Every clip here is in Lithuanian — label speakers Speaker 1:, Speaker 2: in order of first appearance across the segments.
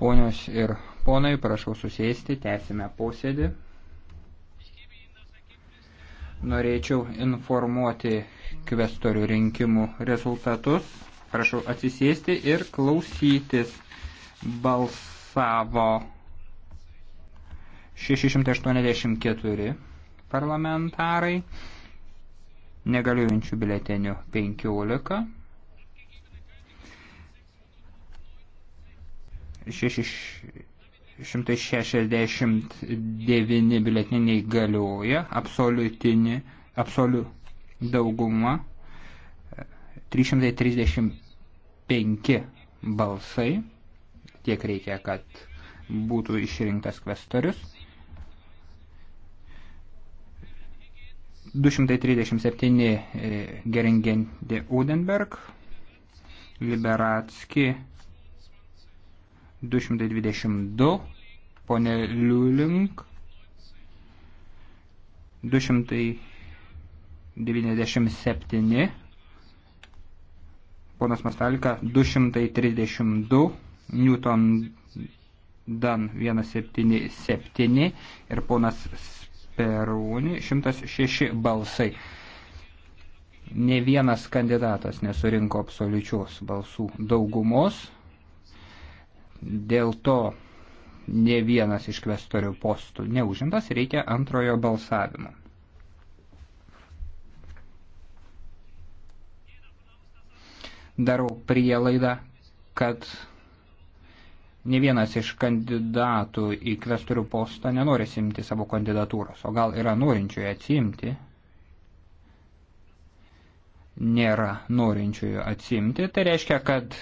Speaker 1: Ponios ir ponai, prašau susėsti, tęsime posėdį. Norėčiau informuoti kvestorių rinkimų rezultatus. Prašau atsisėsti ir klausytis. Balsavo 684 parlamentarai, negaliuojančių biletenių 15. 669 biletiniai galioja, absoliutinė, absoliu dauguma 335 balsai, tiek reikia, kad būtų išrinktas kvestorius. 237 e, Geringen de Udenberg, Liberatski 222, ponė Liulink 297, ponas Mastalika 232, Newton Dan 177 ir ponas Sperūni 106 balsai. Ne vienas kandidatas nesurinko absoliučios balsų daugumos. Dėl to ne vienas iš kvestorių postų neužimtas, reikia antrojo balsavimo. Darau prielaidą, kad ne vienas iš kandidatų į kvestorių postą nenori simti savo kandidatūros, o gal yra norinčiųjų atsimti. Nėra norinčiųjų atsimti, tai reiškia, kad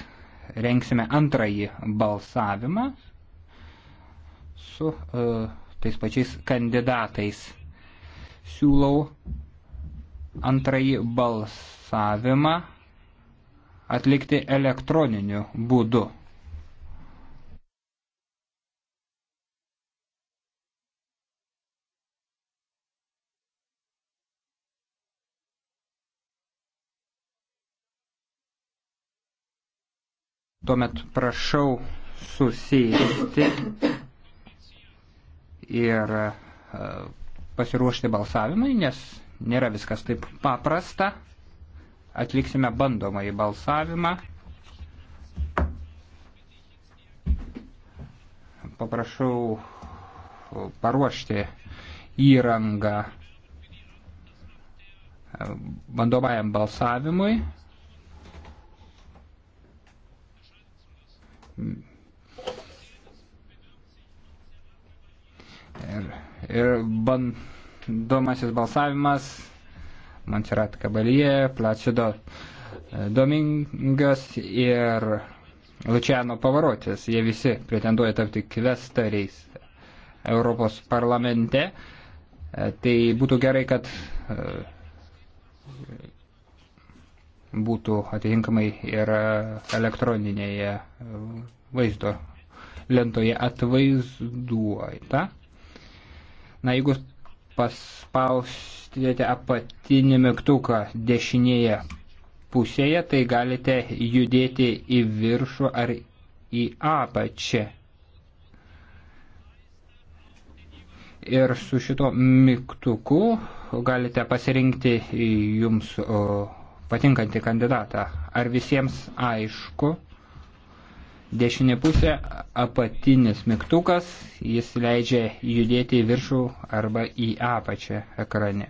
Speaker 1: rengsime antrąjį balsavimą su uh, tais pačiais kandidatais. Siūlau antrąjį balsavimą atlikti elektroniniu būdu. Tuomet prašau susėsti ir e, pasiruošti balsavimui, nes nėra viskas taip paprasta. Atliksime bandomąjį balsavimą. Paprašau e, paruošti įrangą e, bandomajam balsavimui. Ir, ir bandomasis balsavimas Montserrat Kabalyje, Placido e, Domingas ir Luciano Pavarotis. Jie visi pretenduoja tapti kvestariais Europos parlamente. E, tai būtų gerai, kad e, būtų atitinkamai ir e, elektroninėje e, vaizdo lentoje atvaizduota. Na, jeigu paspaustumėte apatinį mygtuką dešinėje pusėje, tai galite judėti į viršų ar į apačią. Ir su šito mygtuku galite pasirinkti jums patinkantį kandidatą. Ar visiems aišku? Dešinė pusė apatinis mygtukas, jis leidžia judėti į viršų arba į apačią ekrane.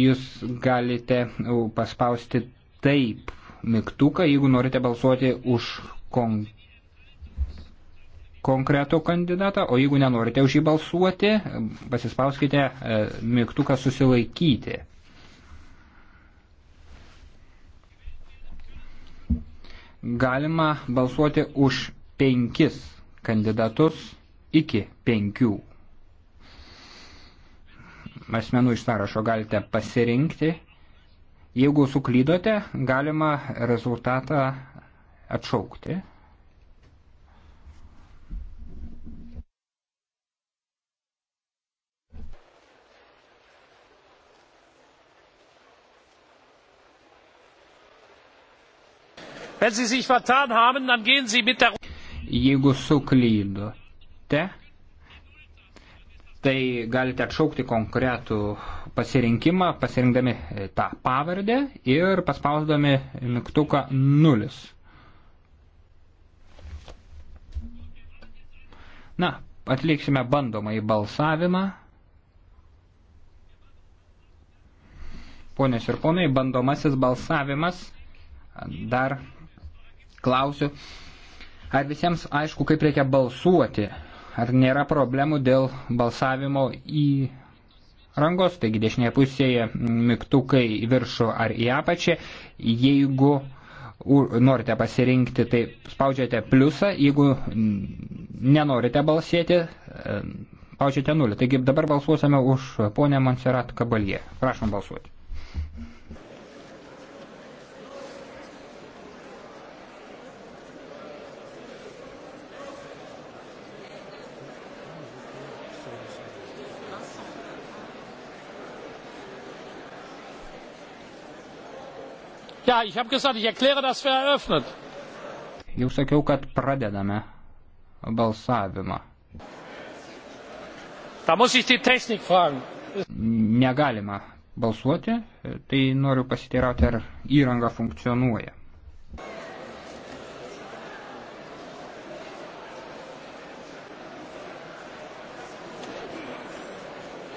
Speaker 1: Jūs galite uh, paspausti taip mygtuką, jeigu norite balsuoti už konkretų konkretų kandidatą, o jeigu nenorite už jį balsuoti, pasispauskite e, mygtuką susilaikyti. Galima balsuoti už penkis kandidatus iki penkių asmenų iš sąrašo galite pasirinkti. Jeigu suklydote, galima rezultatą atšaukti. Jeigu suklydote, tai galite atšaukti konkretų pasirinkimą, pasirinkdami tą pavardę ir paspausdami mygtuką nulis. Na, atliksime bandomąjį balsavimą. Ponios ir ponai, bandomasis balsavimas dar klausiu, ar visiems aišku, kaip reikia balsuoti, ar nėra problemų dėl balsavimo į rangos, taigi dešinėje pusėje mygtukai į viršų ar į apačią, jeigu norite pasirinkti, tai spaudžiate pliusą, jeigu nenorite balsėti, e, spaudžiate nulį. Taigi dabar balsuosime už ponę Monserat Kabalie. Prašom balsuoti.
Speaker 2: Ja, ich habe gesagt, ich erkläre das für eröffnet.
Speaker 1: Jau sakiau, kad pradedame balsavimą. Da muss ich die Technik fragen. Negalima balsuoti, tai noriu pasiteirauti, ar įranga funkcionuoja.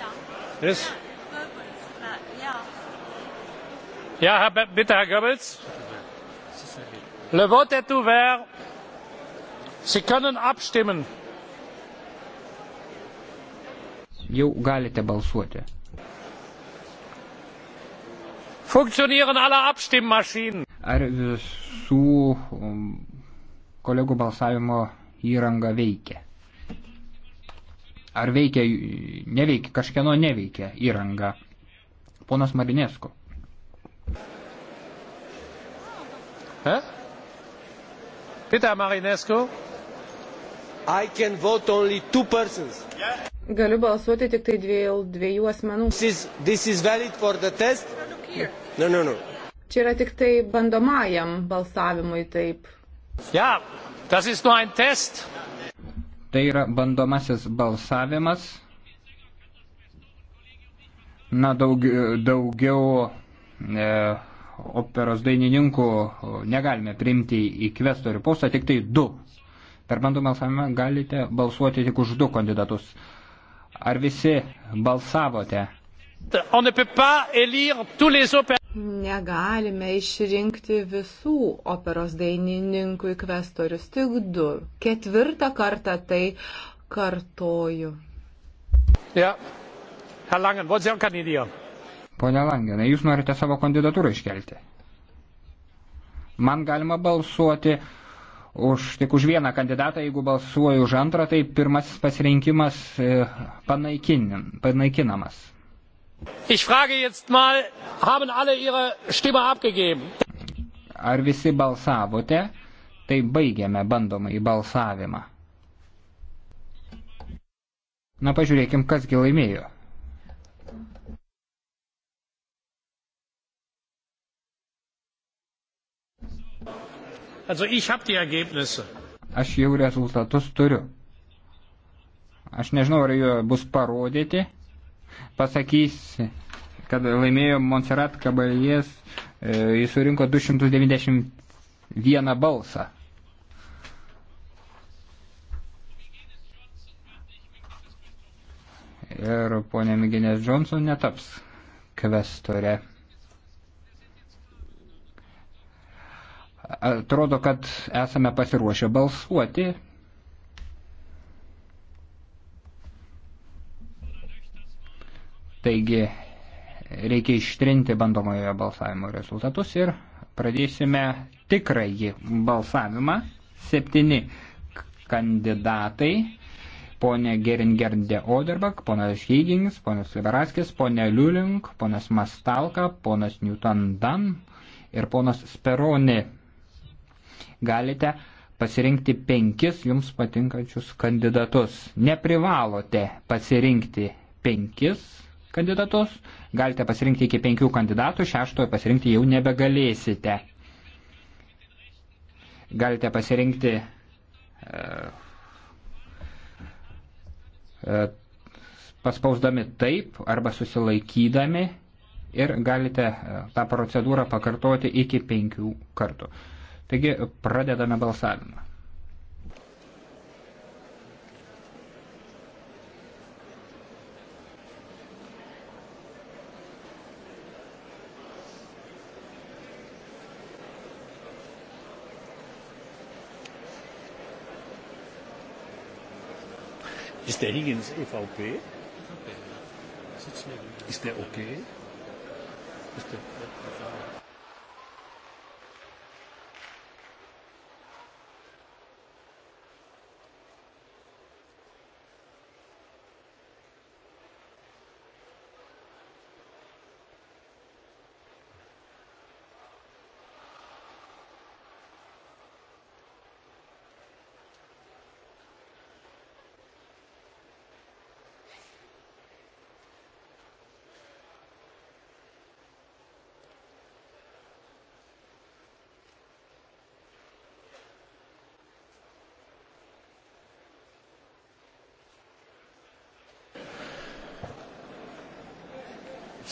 Speaker 2: Ja. Yes. Ja, bitte, Herr Goebbels. Le vote est ouvert. Sie können abstimmen.
Speaker 1: Jau galite balsuoti. Funktionieren alle Abstimmmaschinen? Ar visų um, kolegų balsavimo įranga veikia? Ar veikia, neveikia, kažkieno neveikia įranga? Ponas Marinesko.
Speaker 2: Hä? Bitte, Herr Marinescu. I can vote only two persons.
Speaker 1: Galiu balsuoti tik tai dviejų, dviejų asmenų. This is,
Speaker 2: this is valid for the test? No, no, no.
Speaker 1: Čia yra tik tai bandomajam balsavimui taip. Ja,
Speaker 2: das ist nur ein test.
Speaker 1: Tai yra bandomasis balsavimas. Na, daug, daugiau e, operos dainininkų negalime priimti į kvestorių postą, tik tai du. Per bandomą balsavimą galite balsuoti tik už du kandidatus. Ar visi balsavote? Negalime išrinkti visų operos dainininkų į kvestorius, tik du. Ketvirtą kartą tai kartoju. Ja.
Speaker 2: Herr Langen, wollen Sie auch kandidieren?
Speaker 1: Pone Langenai, jūs norite savo kandidatūrą iškelti? Man galima balsuoti už, tik už vieną kandidatą, jeigu balsuoju už antrą, tai pirmasis pasirinkimas e, panaikin, panaikinamas.
Speaker 2: Ich frage jetzt mal, haben alle ihre Stimme abgegeben?
Speaker 1: Ar visi balsavote? Tai baigiame bandomą į balsavimą. Na pažiūrėkim, kasgi laimėjo. Aš jau rezultatus turiu. Aš nežinau, ar jie bus parodyti. Pasakys, kad laimėjo Montserrat Kabalijas, e, jis surinko 291 balsą. Ir ponė Miginės Johnson netaps kvestore. Atrodo, kad esame pasiruošę balsuoti. Taigi reikia ištrinti bandomojo balsavimo rezultatus ir pradėsime tikrąjį balsavimą. Septyni kandidatai ponė Geringerdė Oderbak, ponas Higgins, ponas Liberaskis, ponė Liulink, ponas Mastalka, ponas Newton Dan ir ponas Speroni galite pasirinkti penkis jums patinkančius kandidatus. Neprivalote pasirinkti penkis kandidatus, galite pasirinkti iki penkių kandidatų, šeštojo pasirinkti jau nebegalėsite. Galite pasirinkti e, e, paspausdami taip arba susilaikydami ir galite e, tą procedūrą pakartoti iki penkių kartų. Taigi pradedame balsavimą.
Speaker 2: Ist der Higgins EVP? Ist der okay? Ist der,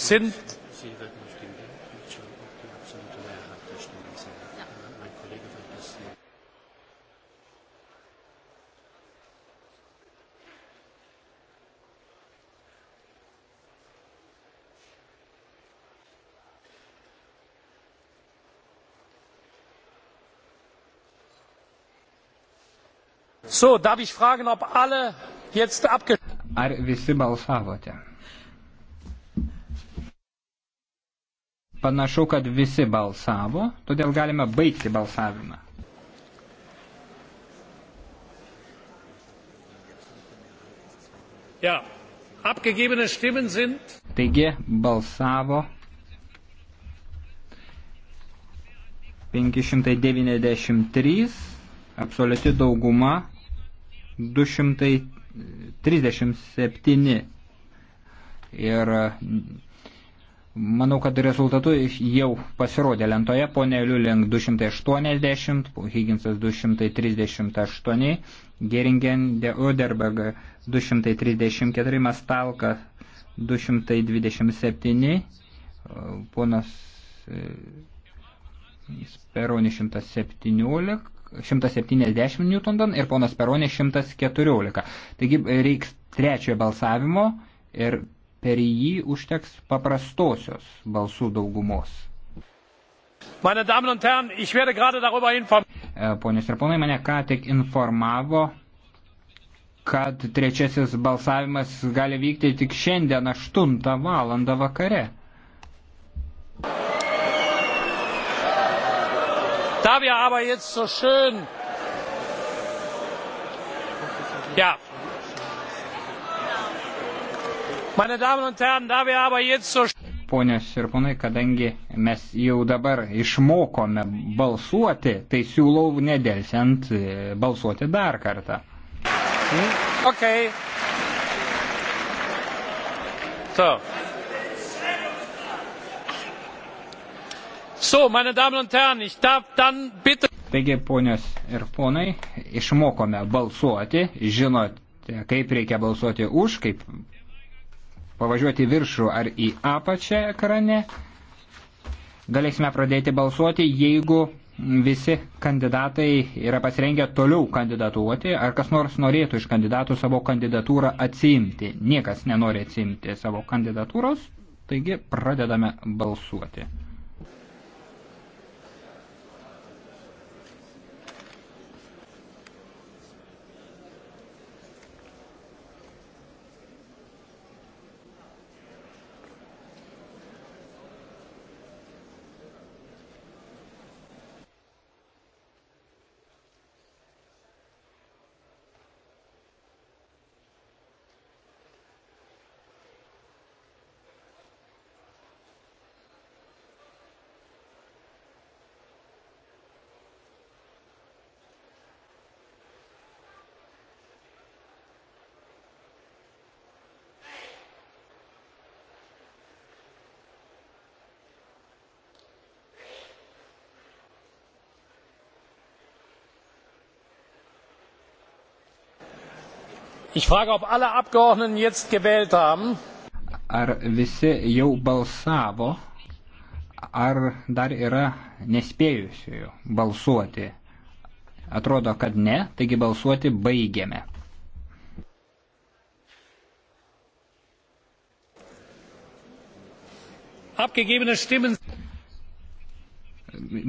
Speaker 2: sind So, darf ich fragen, ob alle jetzt abgestimmt
Speaker 1: haben? Ar visi balsavote? Panašu, kad visi balsavo, todėl galime baigti balsavimą.
Speaker 2: Ja, abgegebene Stimmen sind.
Speaker 1: Taigi balsavo 593, absoliuti dauguma 237 ir Manau, kad rezultatų jau pasirodė lentoje. Pone Liulink 280, Higginsas 238, Geringen de Uderberg 234, Mastalka 227, e, ponas Speroni 117, 170 Newton ir ponas Peroni 114. Taigi reiks trečiojo balsavimo ir per jį užteks paprastosios balsų daugumos. E, ponios ir ponai, mane ką tik informavo, kad trečiasis balsavimas gali vykti tik šiandien 8 val. vakare.
Speaker 2: Da wir aber jetzt so schön
Speaker 1: ja, Ponios ir ponai, kadangi mes jau dabar išmokome balsuoti, tai siūlau nedelsiant e, balsuoti dar kartą. Hmm?
Speaker 2: Okay. So.
Speaker 1: So, meine Damen und Herren, ich darf dann bitte. Taigi, ponios ir ponai, išmokome balsuoti, žinote, kaip reikia balsuoti už, kaip pavažiuoti viršų ar į apačią ekrane. Galėsime pradėti balsuoti, jeigu visi kandidatai yra pasirengę toliau kandidatuoti, ar kas nors norėtų iš kandidatų savo kandidatūrą atsiimti. Niekas nenori atsiimti savo kandidatūros, taigi pradedame balsuoti. Ich frage, ob alle Abgeordneten jetzt gewählt haben. Ar visi jau balsavo, ar dar yra nespėjusiųjų balsuoti? Atrodo, kad ne, taigi balsuoti baigiame.
Speaker 2: Abgegebene Stimmen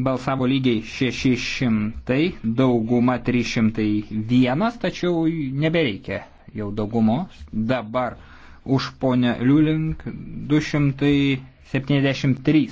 Speaker 1: balsavo lygiai 600, dauguma 301, tačiau nebereikia jau daugumos. Dabar už ponę Liulink 273